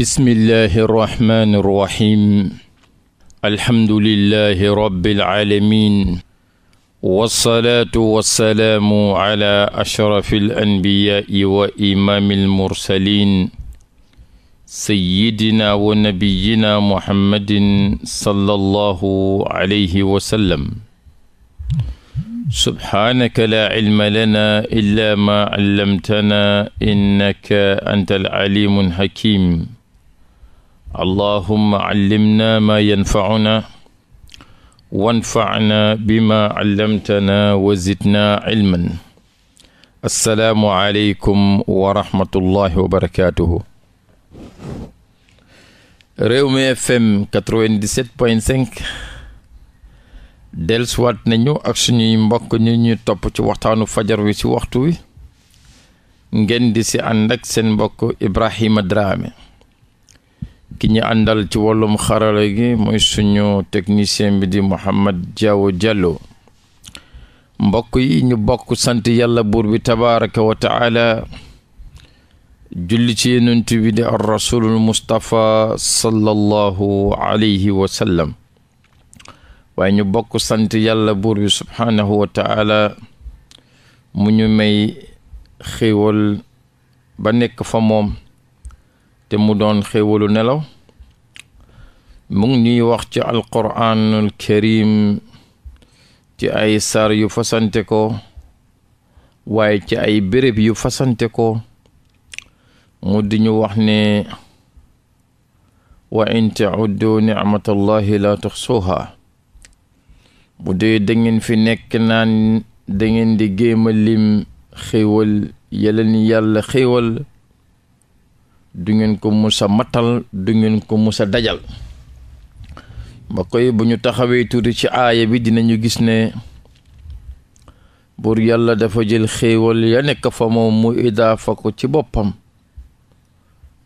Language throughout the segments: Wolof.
bismillahi irrahmani irrahim alhamdulillahi rabbil alamin wassalaatu wassalaamu ala ashrafi alanbiyaai wa imaami almursalin sayyidina wa nabiyina muhammadin sallallahu alayhi wa sallam subhaanaka laa cilma lanaa illaa maa callamtanaa innaka anta alcaliimu alhakiim allahuma callimna maa yanfacunaa wanfacnaa bimaa callamtanaa wa zidnaa cilman assalaamu aleykum wa rahmatullahi wa barakatuhu FM 97.5 dellusiwaat nañu ak suñuy mbokk ñu topp ci waxtaanu fajar wi ci waxtu wi ngeen di si ànd ak seen mbokk Ibrahima Drame ki ñu àndal ci wàllum xarala gi mooy suñu technicien bi di Mouhamed Diaw Diallo mbokk yi sant yàlla buur bi tabaraka wa taala julli ci yonent bi sallallahu alayhi wa sallam waaye ñu sant yàlla buur subhaanahu wa taala may xéewal ba nekk fa moom te mu doon xéewalu nelaw mu ngi wax ci alquraanul karim ci ay sar yu fasante ko waaye ci ay béréb yu fasante ko mu di ñu wax ne wa in tauddu nicmatallahi tax tuxsuha bu dee da fi nekk naan da di géema lim yeleen yàlla xéewal du ngeen ko mus matal du ngeen ko mus dajal ba koy bu ñu taxawee tuuti ci aaya bi dinañu gis ne buur yàlla dafa jël xéewal ya nekk fa moom mu idaafa ko ci boppam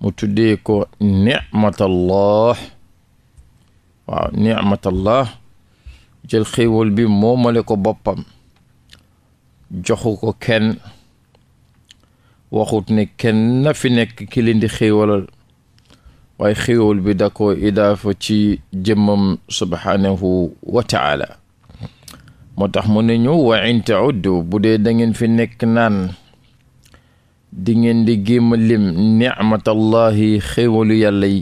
mu tuddee ko nicmatallah waaw nicmatallah jël xéewal bi moomale ko boppam joxu ko kenn waxut ne kenn na fi nekk ki leen di xéewalal waaye xéewal bi da ko idaafa ci jëmmam subhaanahu wa taala moo tax mu ne ñu wa in tauddu bu dee dangeen fi nekk naan di ngeen di gémma lim nicmatallahi xéewalu yàlla yi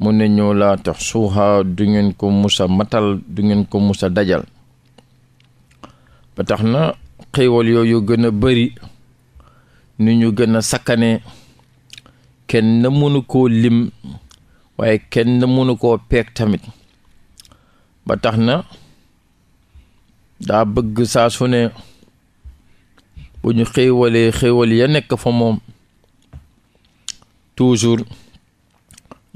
mu ne ñu laa tax suuxa du ngeen ko musa matal du ngeen ko musa dajal ba tax na xéewal yooyu gën a bari ni ñu gën a sakkane kenn mënu koo lim waaye kenn mënu koo peek tamit ba tax na daa bëgg saa su ne bu ñu xéewalee xéewal ya nekk fa moom toujours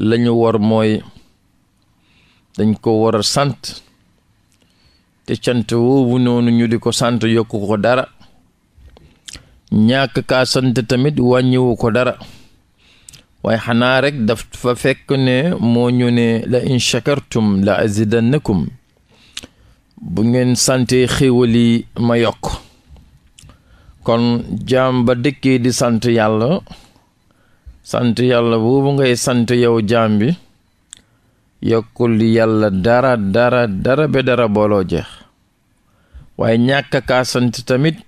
lañu war mooy dañ ko war a sant te cant woowu noonu ñu di ko sant yokku ko dara ñàkk kaa tamit wàññiwu ko dara waaye xanaa rek dafa fekk ne moo ñu ne la in shakartum la azidannakum bu ngeen sante xéwal yi ma yokk kon jaam ba dëkkee di sant yàlla sant yàlla boobu ngay sant yow jaam bi yokkul di yàlla dara dara dara be dara booloo jeex waaye ñàkk kaa tamit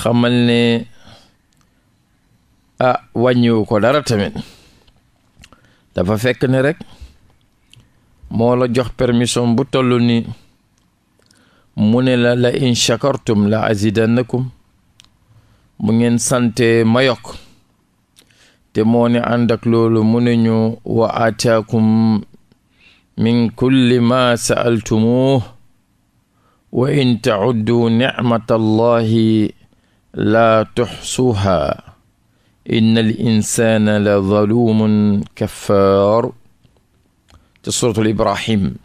xamal ne a ah, wàññiwu ko dara tamit dafa fekk ne rek moo la jox permission bu toll ni mu ne la la in shakartum la azidannakum mu ngeen sante ma te moone ne loolu mu ne ñu wa aataakum min kulli ma sa'altumuh wa in ta'uddu ni'matallahi laa tuxsuuhaa inna al la zalumun kaffaar te suratul ibrahim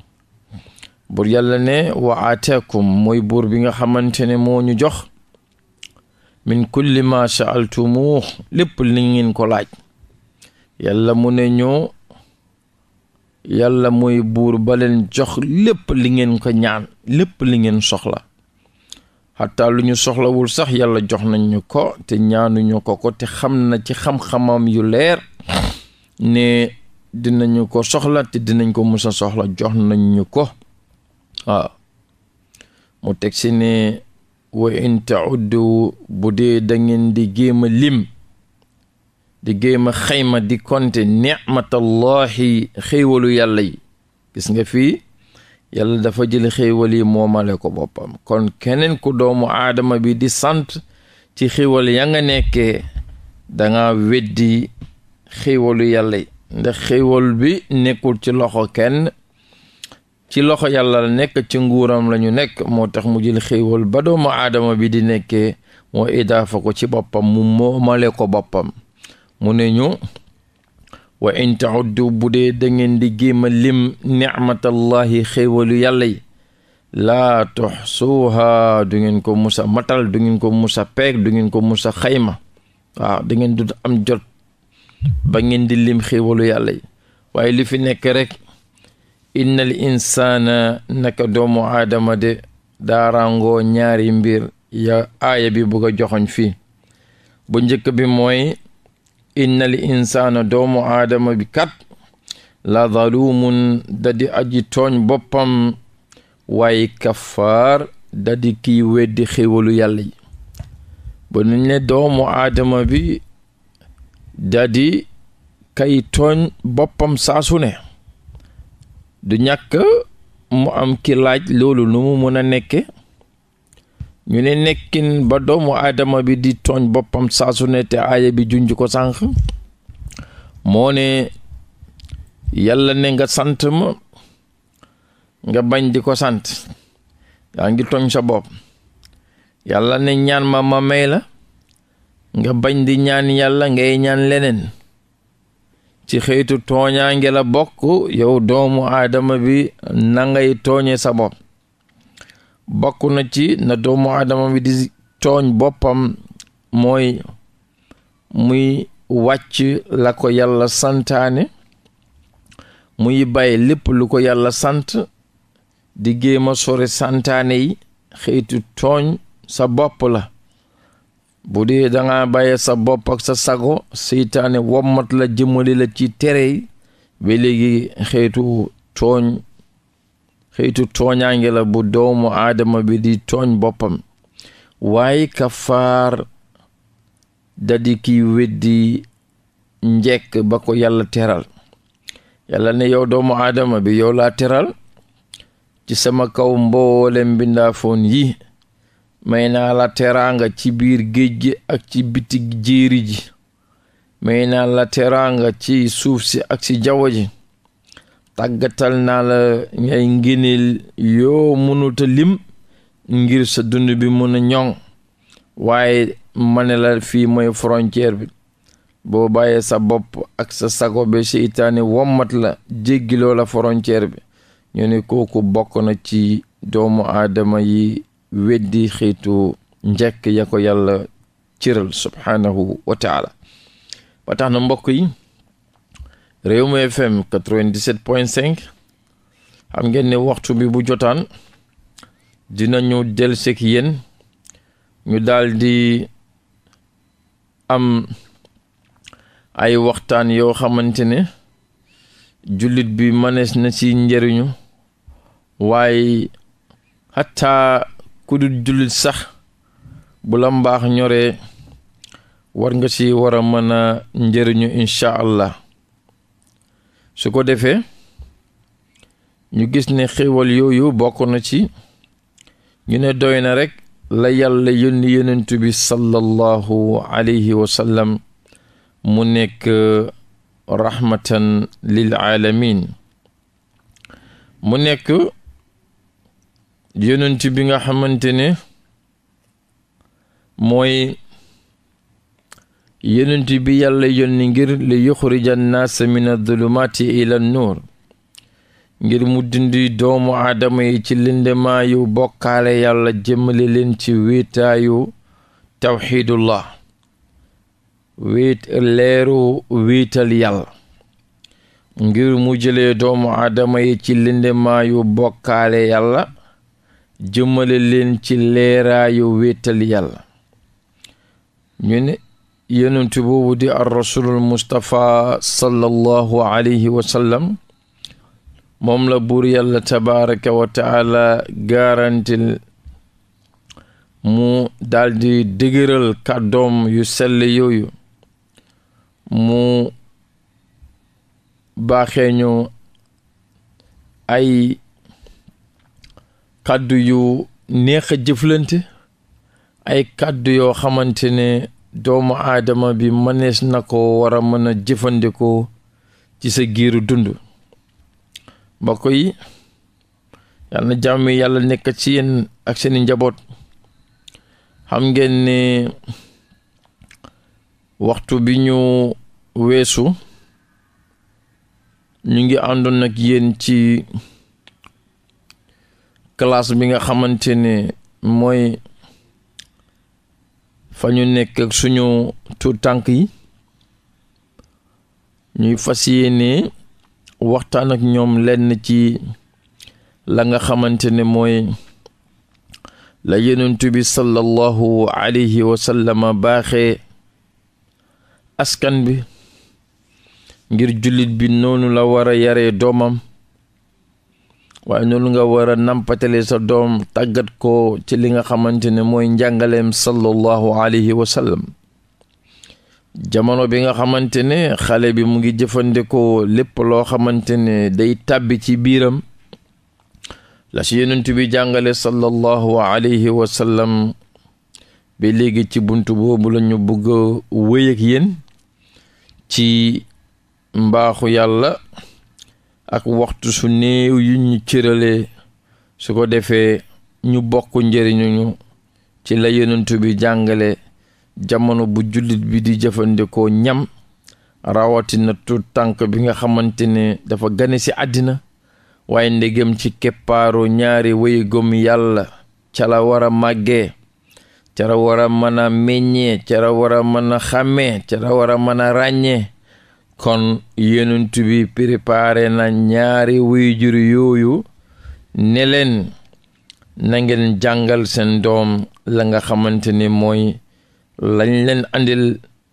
buur yàlla ne wa aataakum mooy buur bi nga xamante ne moo ñu jox min kulli ma saaltumuux lépp li ngeen ko laaj yàlla mu ne ñoo yàlla mooy buur ba leen jox li ngeen ko ñaan lépp li ngeen soxla xataa lu ñu soxlawul sax yàlla jox nañu ko te ñaanuñu ko ko te xam na ci xam-xamam yu leer ne dinañu ko soxla te dinañ ko musa soxla jox nañu ko waaw mu teg si ne wa in tauddu bu dee dangeen di géem lim di géem a xayma di konte nicmatallahi xéewalu yàlla yi gis nga fii yàlla dafa jël xéewal yi moomale ko boppam kon keneen ku doomu aadama bi di sant ci xéewal ya nga nekkee danga weddi xéewalu yàlla yi ndax xéewal bi nekkul ci loxo kenn ci loxo yàlla nekk ci nguuram lañu nekk moo tax mu jël xéewal ba doomu aadama bi di nekkee moo idaafa ko ci boppam mu moomale ko boppam mu ne ñu wa inta taxuddu bu dee da ngeen di géema lim nicmatallahi xéewalu yàlla yi laa tuxsuuha du ngeen ko musa matal dungeen ko musa peeg du ngeen ko musa xayma waaw dangeen du am jot ba ngeen di lim xéewalu yàlla yi waaye li fi nekk rek innal insaana naka doomu aadama de daarangoo ñaari mbir ya aaya bi bugg a joxoñ fii bu njëkk bi mooy innal insaana doomu aadama bi kat la zalumun dadi aji tooñ boppam waaye kafaar dadi kiy weddi xéwalu yàlla yi ba nuñ ne doomu aadama bi dadi kay tooñ boppam saasu ne du ñàkk mu am ki laaj loolu nu mu mën a nekke ñu ne nekkin ba doomu aadama bi di tooñ boppam saa su ne te aaya bi junj ko sànq moo ne yàlla ne nga sant ma nga bañ di ko sant yaa ngi tooñ sa bopp yàlla ne ñaan ma ma may la nga bañ di ñaan yàlla ngay ñaan leneen ci xëytu tooñaange la bokk yow doomu aadama bi na ngay tooñe sa bopp bokk na ci na doomu aadama bi di tooñ boppam mooy muy wàcc la ko yàlla santaane muy bàyyi lépp lu ko yàlla sant di géema sore santaane yi xëytu tooñ sa bopp la bu dee danga bay sa bopp ak sa sago seytaane wommat la jëmale la ci tere yi ba léegi xëytu tooñ xëytu tooñaange la bu doomu aadama bi di tooñ boppam waaye kafaar dadi kiy weddi njekk ba ko yàlla teral yàlla ne yow doomu aadama bi yow laa teral ci sama kaw mboolem mbindaafoon yi may naa la teraanga ci biir géej gi ak ci biti jéeri ji may naa la teraanga ci suuf si ak ci jaww ji tàggatal naa la ngay ngéneel yoo mënuta lim ngir sa dund bi mun a ñoŋ waaye mane la fii mooy frontière bi boo bàyyee sa bopp ak sa sago bi seytaane wommat la jéggiloo la frontière bi ñu ne kooku bokk na ci doomu aadama yi weddi xeetu njekk ya ko yàlla ciral subhaanahu wa mbokk yi Rewmi FM 97.5 xam ngeen ne waxtu bi bu jotaan dina del sek yéen ñu daldi am ay waxtaan yoo xamante ne jullit bi mënees na ci njëriñu waaye xataa ku dul jullit sax bu la mbaax ñoree war nga ci war a mën a njëriñu incha allah su ko defee ñu gis ne xéewal yooyu bokk na ci ñu ne doy na rekk la yàlla yónni yonent bi sallallahu alayhi wa mu nekk uh, rahmatan lil aalamin mu nekk yonent bi nga xamante ne mooy yonent bi yàlla yónni ngir li yuxrija annaasa min adulumaati ila nuur ngir mu dindi doomu aadama yi ci lindemaayu bokkaale yàlla jëmale leen ci wiitaayu tawxiidullah wiit leeru wiital yàlla ngir mu jëlee doomu aadama yi ci lindemaayu bokkaale yàlla jëmale leen ci leeraayu wiital yàlla yonent boobu di ar mustafa mustapha sallallahu alayhi moom la buur yàlla tabaraka wa taala garantil mu daldi dëgëral kàddoom yu sell yooyu mu baaxee ay kàddu yu neex a jëflante ay kàddu yoo xamante ne doomu aadama bi mënees na ko war a mën a jëfandikoo ci sa giiru dund mbokk yi yàlla na jàmm yàlla nekk ci yéen ak seeni njaboot xam ngeen ne waxtu bi ñu weesu ñu ngi àndoon nag yéen ci classe bi nga xamante ne mooy fa ñu nekk ak suñu tuut tànk yi ñuy fas yéene waxtaan ak ñoom lenn ci la nga xamante ne mooy la yenentu bi sallallahu alayhi wa sallama baaxee askan bi ngir jullit bi noonu la war a yare doomam waaye noonu nga war a nampatale sa doom tàggat ko ci li nga xamante ne mooy njàngaleem sallallahu alayhi wa sallam jamono bi nga xamante ne xale bi mu ngi jëfandikoo lépp loo xamante ne day tàbbi ci biiram la si yonent bi jàngale sallallahu alayhi wa sallam léegi ci bunt boobu lañu ñu bëgg a yéen ci mbaaxu yàlla ak waxtu su néew yu ñu cëralee su ko defee ñu bokk njëriñuñu ci la yonent bi jàngale jamono bu jullit bi di jëfandikoo ñam rawatina tuut tànk bi nga xamante ne dafa gane si àddina waaye ndegem ci keppaaru ñaari way yàlla ca la war a màggee ca la war a mën a meññee ca la war a mën a xàmmee ca la war a mën a ràññee kon yonent bi préparé na ñaari waajur yooyu ne leen na ngeen jàngal seen doom la nga xamante ni mooy lañ leen andil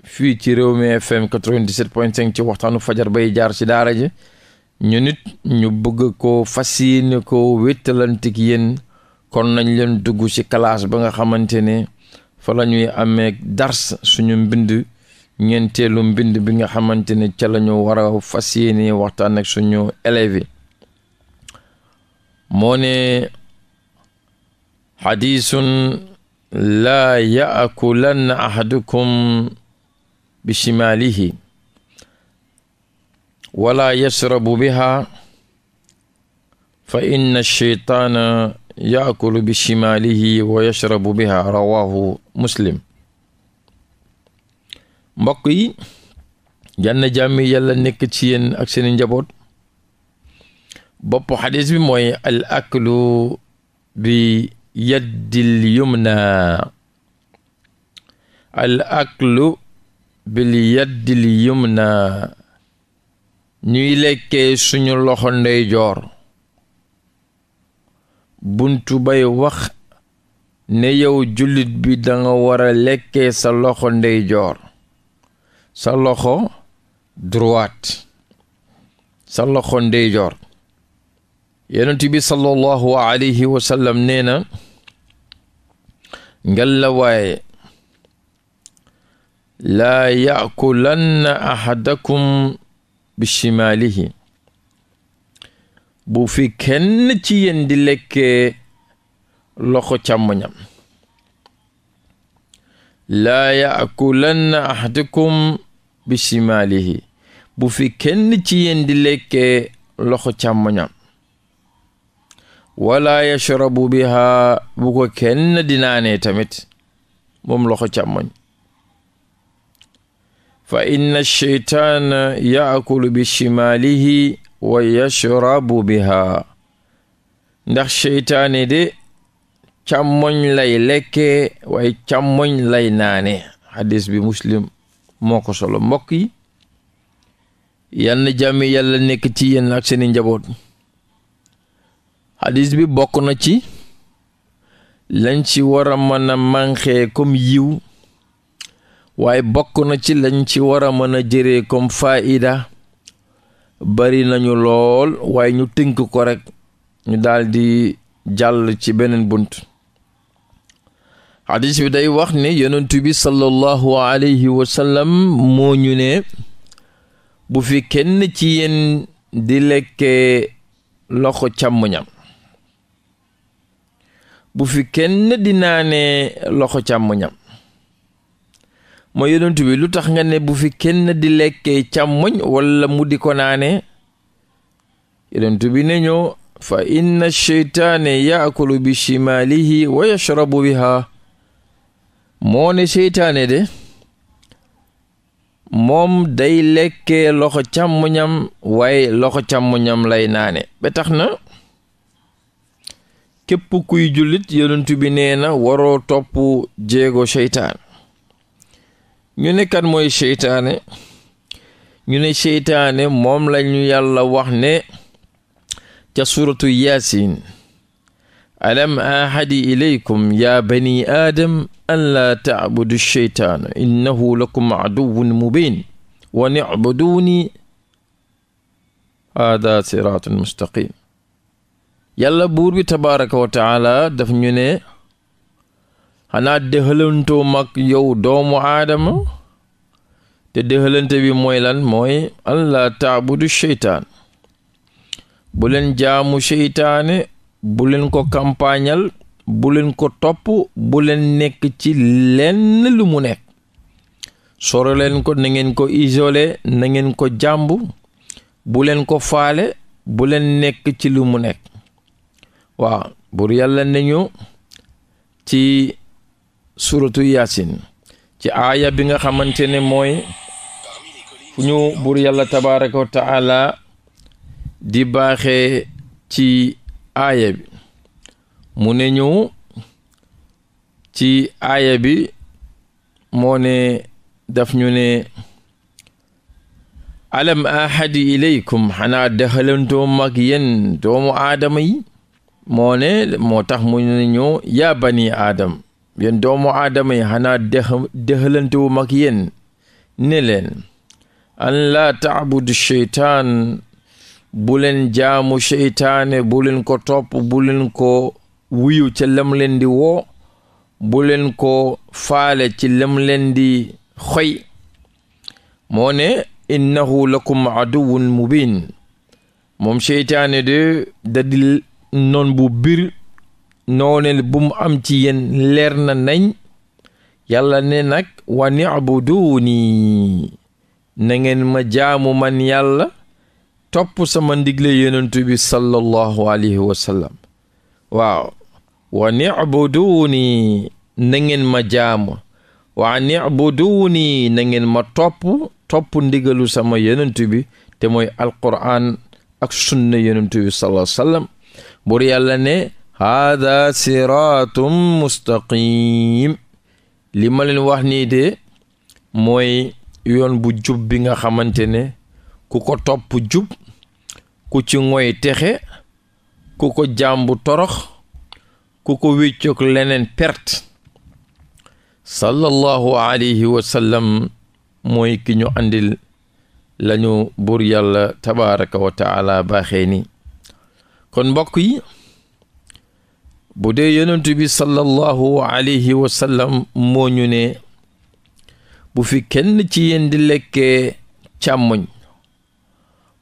fii ci Rewmi FM 97.5 ci waxtaanu fajar bay jaar ci daara ji ñu nit ñu bëgg ko fas yéene ko wéttalantik yéen kon nañ leen dugg ci classe ba nga xamante ne fa la ñuy amee dars suñu mbind ñeenteelu mbind bi nga xamante ne ca la ñu war a fas yéene waxtaan ak suñu élèves yi moo ne xadiisun laa yaakulanna ahadukum bi shimaalihi wala yashrabu biha fa inna sheytaana yaakulu bi shimaalihi wa biha rawahu muslim mbokk yi jànn jàmmi yàlla nekk ci yenn ak seeni njaboot bopp xadis bi mooy al aklu bi yaddil yumna al aklu bil yaddil ñuy lekkee suñu loxo ndeyjoor buntu bay wax ne yow jullit bi danga war a lekke sa loxo ndeyjoor sa loxo droite sa loxo ndeyjoor yonent bi sallallahu alayhi wa sallam na ngalla waaye laa yaakulanna ahadakum bi shimaalihi bu fi kenn ci yéen di lekkee loxo càmmoñam laa yaakulanna ahadakum bi bu fi kenn ci yéen di lekkee loxo càmmoñam wala bi biha bu ko kenn di naanee tamit moom loxo càmmoñ fa inna sheytaana yaakulu bi shimaalihi wa yashrabu biha ndax sheytaane de càmmoñ lay lekkee waaye càmmoñ lay naane hadis bi muslim moo ko solo mbokk yi yal na jàmm yàlla nekk ci yenn ak seeni njaboot xadis bi bokk na ci lañ ci war a mën a manqué comme yiw waaye bokk na ci lañ ci war a mën a jëree comme faida bari nañu lool waaye ñu tënk ko rekk ñu daldi jàll ci beneen bunt xadis bi day wax ni yonent bi sallallahu alayhi wa sallam moo ñu ne bu fi kenn ci yéen di lekkee loxo càmmoñam bu fi kenn di naanee loxo càmmoñam mooy yonent bi lu tax nga ne bu fi kenn di lekke càmmoñ walla mu di ko naane yonent bi ne ñoo fa inna sheytaane yaakulu bi shimaalihi wa yashrabu biha moo ne de moom day lekkee loxo càmmuñam waaye loxo càmmuñam lay naane ba tax na képp kuy jullit yonent bi nee na waroo topp jeego seytaan ñu ne kan mooy seytaane ñu ne seytaane moom lañu yàlla wax ne ca suratu yaasin alam ahadi ilaykum yaa bani aadam an laa taabudu sheytaana innahu lakum aduwun mubin wa nibuduuni hada siraatun mustaqim yàlla buur bi tabaraka wa taala daf ñu ne xanaa dëxalantoo mag yow doomu aadama te dëxalante bi mooy lan mooy taabudu sheytaan bu leen jaamu sheytaane bulen ko kampaañal bu leen ko topp bu leen nekk ci lenn lu mu nekk soro ko nangeen ko isolé nangeen ko jàmb bu leen ko faale bu leen nekk ci lu mu nekk waaw bur yàlla nañu ci suratu yaasin ci aaya bi nga xamante ne mooy fu ñu bur yàlla tabaraka wa taala di baaxee ci aaya bi mu ne ñu ci aaya bi moo daf ñu ne alam ahadi ilaykum xanaa dexalantoo mag yéen doomu aadama yi moo tax mu ne ñu yaa bani aadam yéen doomu aadama yi xanaa dex mag yéen ne leen an laa taabudu buleen bu leen jaamu cheytaane bu ko topp bu ko wuyu ca lam leen di woo bu leen ko faale ci lam leen di xoy moo ne innahu lakum aduwun mubin moom seytaane de da noon bu bir nooneel bu am ci yéen leer na nañ yàlla ne nag wa ni'buduni na ngeen ma jaamu man yàlla topp sama ndigle yonentu bi sallallahu alayhi waaw wa ni'buduuni na ngeen ma jaamu wa ni'buduuni na ngeen ma topp topp ndigalu sama yenentu bi te mooy alquraan ak sunna yenentu bi sallallahu alayhi wasallam yàlla ne haada siraatum mustaqim li ma leen wax nii de mooy yoon bu jub bi nga xamante ne ku ko topp jub ku ci ngoy texe ku ko jàmbu torox ku ko wéccoog leneen pert sallallahu alayhi wa mooy ki ñu andil lañu buur yàlla tabaraka wa taala baaxee ni kon mbokk yi bu dee yonent bi sallallahu alayhi wa sallam moo ñu ne bu fi kenn ci yéen di lekkee càmmoñ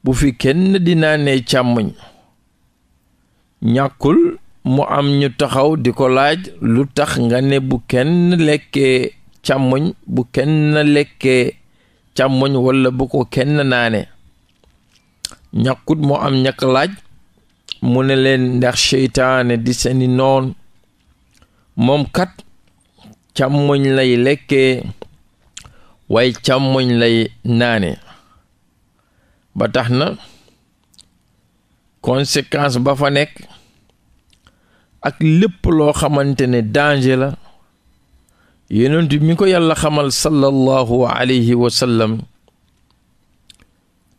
bu fi kenn di naanee càmmoñ ñàkkul mu am ñu taxaw di ko laaj lu tax nga ne bu kenn kenn lekkee càmmoñ walla bu ko kenn naane ñàkkut moo am ñàkk laaj mu ne leen ndax seytaane di seeni noon moom kat càmmoñ lay lekkee waaye càmmoñ lay naane ba tax na conséquence ba fa nekk ak lépp loo xamante ne danger la yonent mi ko yàlla xamal sallallahu alayhi wa sallam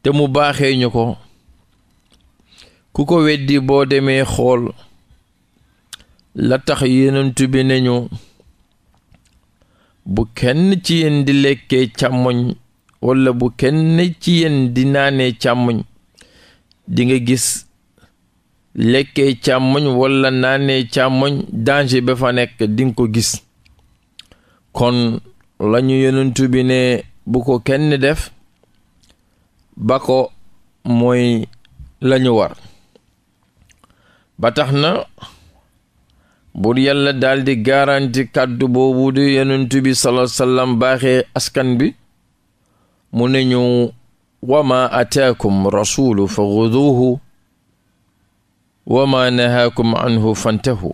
te mu baaxee ñu ko ku ko weddi boo demee xool la tax yénantu bi nañu bu kenn ci yéen di lekkee càmmoñ wala bu kenn ci yéen di naanee càmmoñ di gis lekkee càmmoñ walla naanee càmmoñ danger ba fa nekk dinga ko gis kon lañu yonent bi ne bu ko kenn def ba ko mooy lañu war ba tax na buur yàlla daldi garanti kàddu boobu di yonent bi sallallahu alayhi baaxee askan bi mu ne ñu wa ma ataakum fa xuduuhu wa ma nahaakum anhu fantahu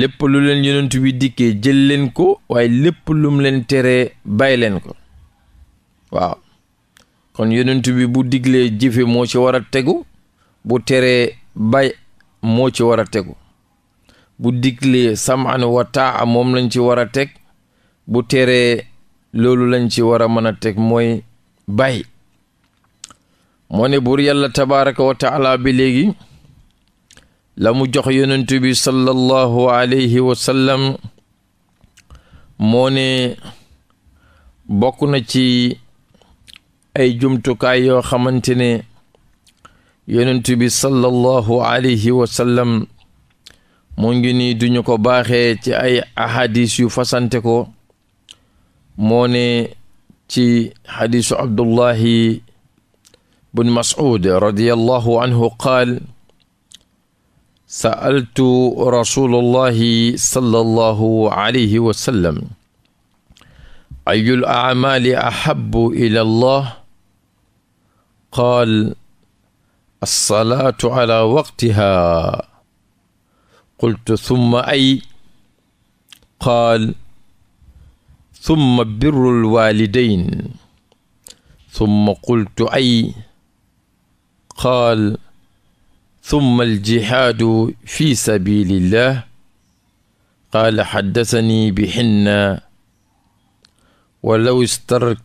lépp lu leen yonent dikkee jël leen ko waaye lépp lum leen teree bay leen ko waaw kon yonent bu diglee jëfe moo ci war a tegu bu teree bay moo ci war a tegu bu diglee samaan wa a moom lañ ci war a teg bu teree loolu lañ ci war a mën a teg mooy bay moo ne buur yàlla tabaaraka wa taala bi léegi la mu jox yonent bi sallallahu alayhi wa moone moo bokk na ci ay jumtukaay yoo xamante ne yonent bi sallallahu alayhi wa sallam mu ngi nii duñu ko baaxee ci ay ahadis yu fasante ko moone ci xadisu abdullahi bun mas'ud radiyallahu anhu qaal sa'altu rasulullahi sallallahu alayhi wa sallam ayul aamaali ahabu ila allah qaal alsalaatu ala waqtiha qultu summa ay qaal summa birru lwalidain summa qultu ay qaal ثم الجهاد في سبيل الله قال حدثني بحنا ولو استر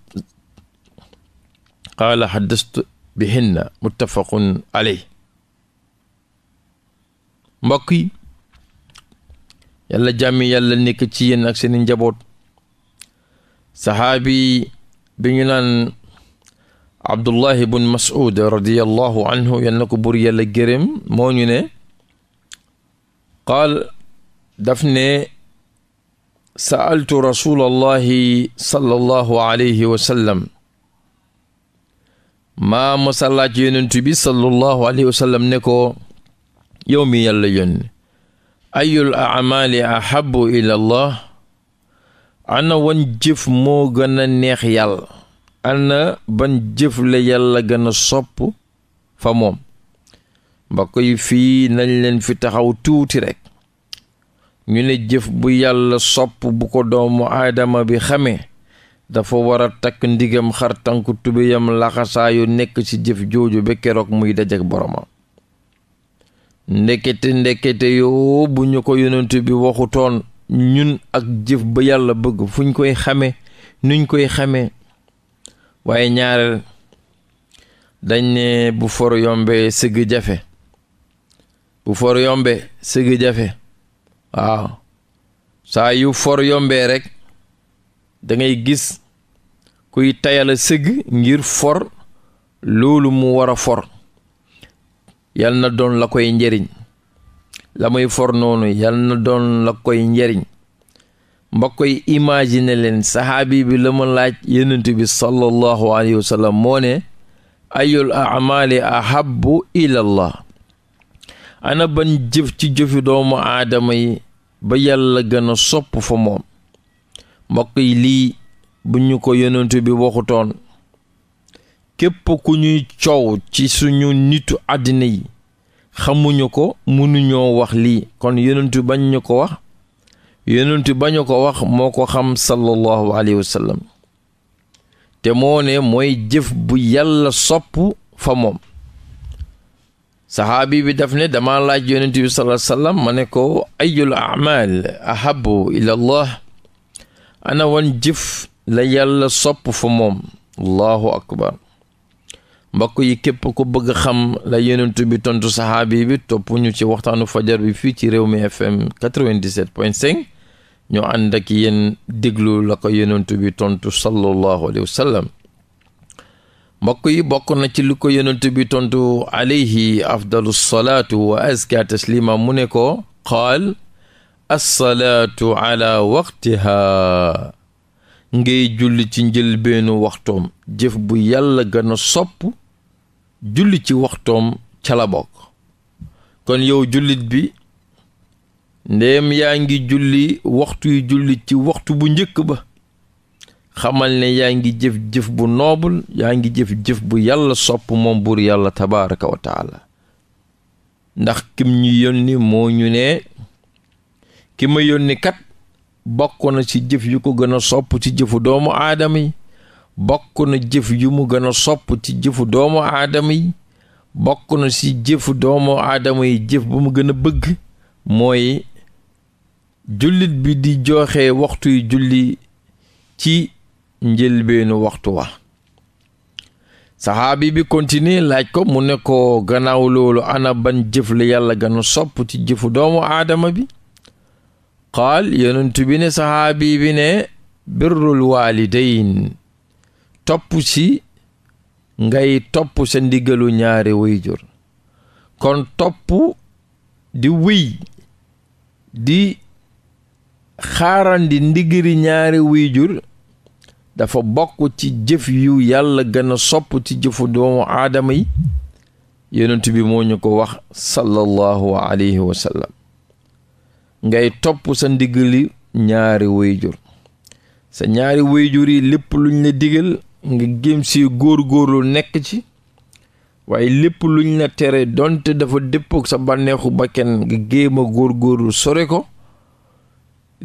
قال حدثت بحنا متفق عليه mbokk yi yàlla jàmmi yàlla nekk ci yéen ak seeni njaboot saxaabi bi ñu naan abdullahi bun mas'ud radiallahu anhu yal na ko buur yàlla gërëm moo ñu ne qaal daf ne sa'altu rasulallahi sallallahu alayhi wa sallam maa masalaaj yonent bi sallallahu alayhi wa sallam ne ko yow mi yàlla yónni ayul aamaali ahabu ila allah ana wan jëf moo gën a neex yàlla ana ban jëf la yàlla gën sopp fa moom mbokk yi fii nañ leen fi taxaw tuuti rekk ñu ne jëf bu yàlla sopp bu ko doomu aadama bi xamee dafa wara takk ndiggam xar tànku tubéyam laxasaayu nekk ci jëf jooju ba keroog muy dajek boromam ndekete ndekete yoo bu ñu ko yonent bi waxutoon ñun ak jëf ba yàlla bëgg fuñ koy xamee nuñ koy xamee waaye ñaareel dañ ne bu for yombe sëgg jafe bu for yombe sëgg jafe waaw saa yu for yombee rek da ngay gis kuy tayal a sëgg ngir for loolu mu war a for yal na doon la koy njëriñ la muy for noonu yal na doon la koy njëriñ mbokk yi imagine leen saxaabi bi la mu laaj yenentu bi sallallahu alayhi wa sallam moo ne ayul amali ahabbu ilallah ana ban jëf ci jëfi doomu aadama yi ba yàlla gën sopp fa moom mbokk yi lii bu ñu ko yenentu bi waxutoon képp ku ñuy coow ci suñu nitu àddina yi xamuñu ko mënuñoo wax lii kon yenentu bañ ñu ko wax yonent bañoo ko wax moo ko xam sallallahu alayhi wa te moo ne mooy jëf bu yàlla sopp fa moom saxaabi bi daf ne dama laaj yonent bi sallallahu sallam ma ne ko ayul amal ahabu ila ana wan jëf la yàlla sopp fa moom allahu akbar mbokk yi képp ko bëgg xam la yonent bi tontu saxaabi bi topp ñu ci waxtaanu fajar bi fii ci réew mi fm 97.5 ñu ànd ak yéen déglu la ko yonent bi tontu sallallahu alayhi wa sallam yi bokk na ci lu ko tubi tontu alayhi afdalu salaatu wa azka taslima mu ne ko qaal assalaatu ala waqtiha ngay julli ci njëlbeenu waxtoom jëf bu yàlla gën a sopp julli ci waxtoom ca kon yow jullit bi ndéem yaa ngi julli waxtuy julli ci waxtu bu njëkk ba xamal ne yaa ngi jëf-jëf bu noobul yaa ngi jëf-jëf bu yàlla sopp moom buur yàlla tabaraka wa taala ndax kim ñu yónni moo ñu ne ki ma yónni kat bokk na ci jëf yu ko gën a sopp ci jëfu doomu aadama yi bokk na jëf yu mu gën a sopp ci jëfu doomu aadama yi bokk na ci jëfu doomu aadama yi jëf bu mu gën a bëgg mooy jullit bi di joxe waxtuy julli ci njëlbeenu waxtu wa saxaabi bi continuer laaj ko mu ne ko gannaaw loolu ana ban jëf la yàlla ganu sopp ci jëfu doomu aadama bi qaal yonentu bi ne saxaabi bi ne birrul waalidayn topp si ngay topp sa ndigalu ñaari wayjur kon topp di wéy di xaarandi ndigiri ñaari waajur dafa bokk ci jëf yu yàlla gën sopp ci jëfu doomu aadama yi yonent bi moo ñu ko wax sallallahu alayhi wa ngay topp sa ndigali ñaari waajur sa ñaari waajur yi lépp luñ la nga gém si góor-góorlu nekk ci waaye lépp luñ la tere donte dafa dëppook sa bànneexu bakken nga géem a góor-góorlu sore ko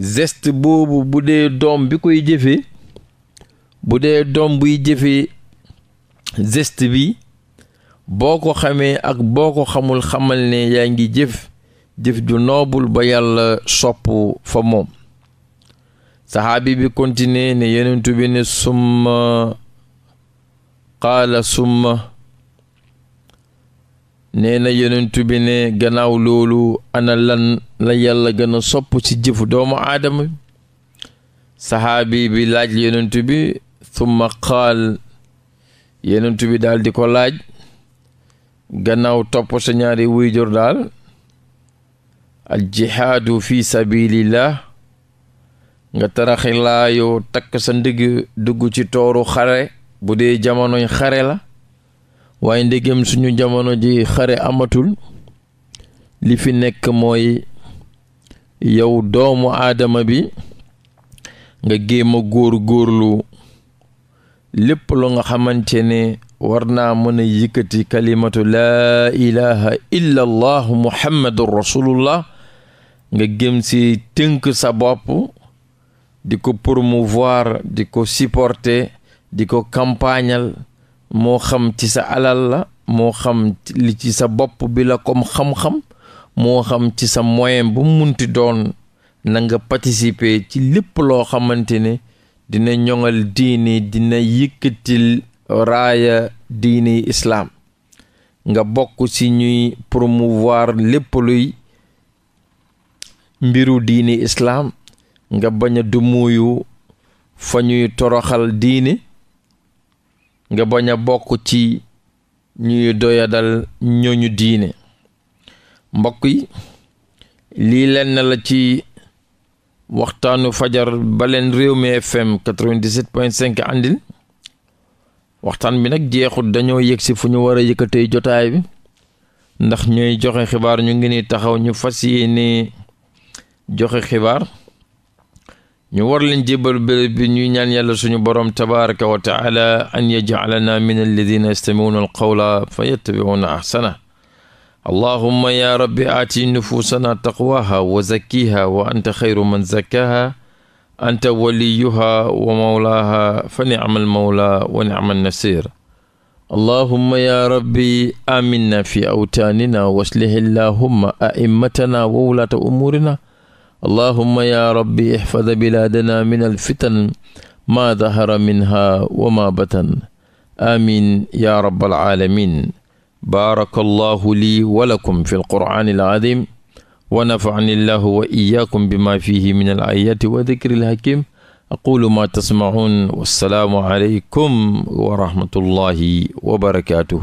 geste boobu bu dee doom bi koy jëfee bu dee doom buy jëfee geste bi boo ko xamee ak boo ko xamul xamal ne yaa ngi jëf jëf ju noobul ba yàlla sopp fa moom saxaabi bi continuer ne yenentu bi ne summa qaala summa nee na yonent bi ne gannaaw loolu ana lan la yàlla gën sopp ci jëfu doomu aadama saxaabi bi laaj yonent bi summa qaal yonent bi daal ko laaj gannaaw topp sa ñaari wuyjur daal al jihaadu fi sabilillah nga taraxi laayoo takk sa ndigg dugg ci tooru xare bu dee jamonoy xare la waaye ndegem suñu jamono ji xare amatul li fi nekk mooy yow doomu aadama bi nga géem a góor góorlu lépp lu nga xamante ne war naa mën a yëkkati kalimatu laa ilaha illa allah muhammadun nga gëm si tënk sa bopp di ko promouvoir di ko supporter di ko campagnal moo xam ci sa alal la moo xam li ci sa bopp bi la comme xam-xam moo xam ci sa moyen bu munti doon na nga participer ci lépp loo xamante ne dina ñoŋal diini dina yëkkatil raaya diini islaam nga bokk ci ñuy promouvoir lépp luy mbiru diini islaam nga bañ a dumuyu fa ñuy toroxal diini nga bokk ci ñuy doyadal ñooñu diine mbokk yi lii lenn la ci waxtaanu fajar baleen réew mi fm 97.5 àndil waxtaan bi nag jeexut dañoo yëg si fu ñu war a yëkkatee jotaay bi ndax ñooy joxe xibaar ñu ngi ni taxaw ñu fas yéene joxe xibaar ñu war leen jébbal béréb bi ñuy ñaan yàlla suñu borom tabaraka wa taala an yajcalana min alladina yastamicuuna alqawla fa yattabicuuna ahsana allahumma ya rabbi aati nufuusana taqwaha wa zakkiha wa anta xayru man zakkaha anta waliyuha wa mawlaaha fa nicmal mawla wa nicmal nasir allahumma ya rabbi aminna fi awtaanina waslih allahumma a'immatana wa wulaata umuurina allahumma ya rabbi ihfad bilaadana min alfitan maa dahara minha wa maa batan amin ya rabbal alamin baaraka allahu lii wa lakum fi alqur'ani alazim wa nafa'ani allahu wa iyyakum bima fihi min alayati wa dhikri alhakim aqulu ma tasma'un wassalaamu aleykum wa rahmatullahi wa barakatuhu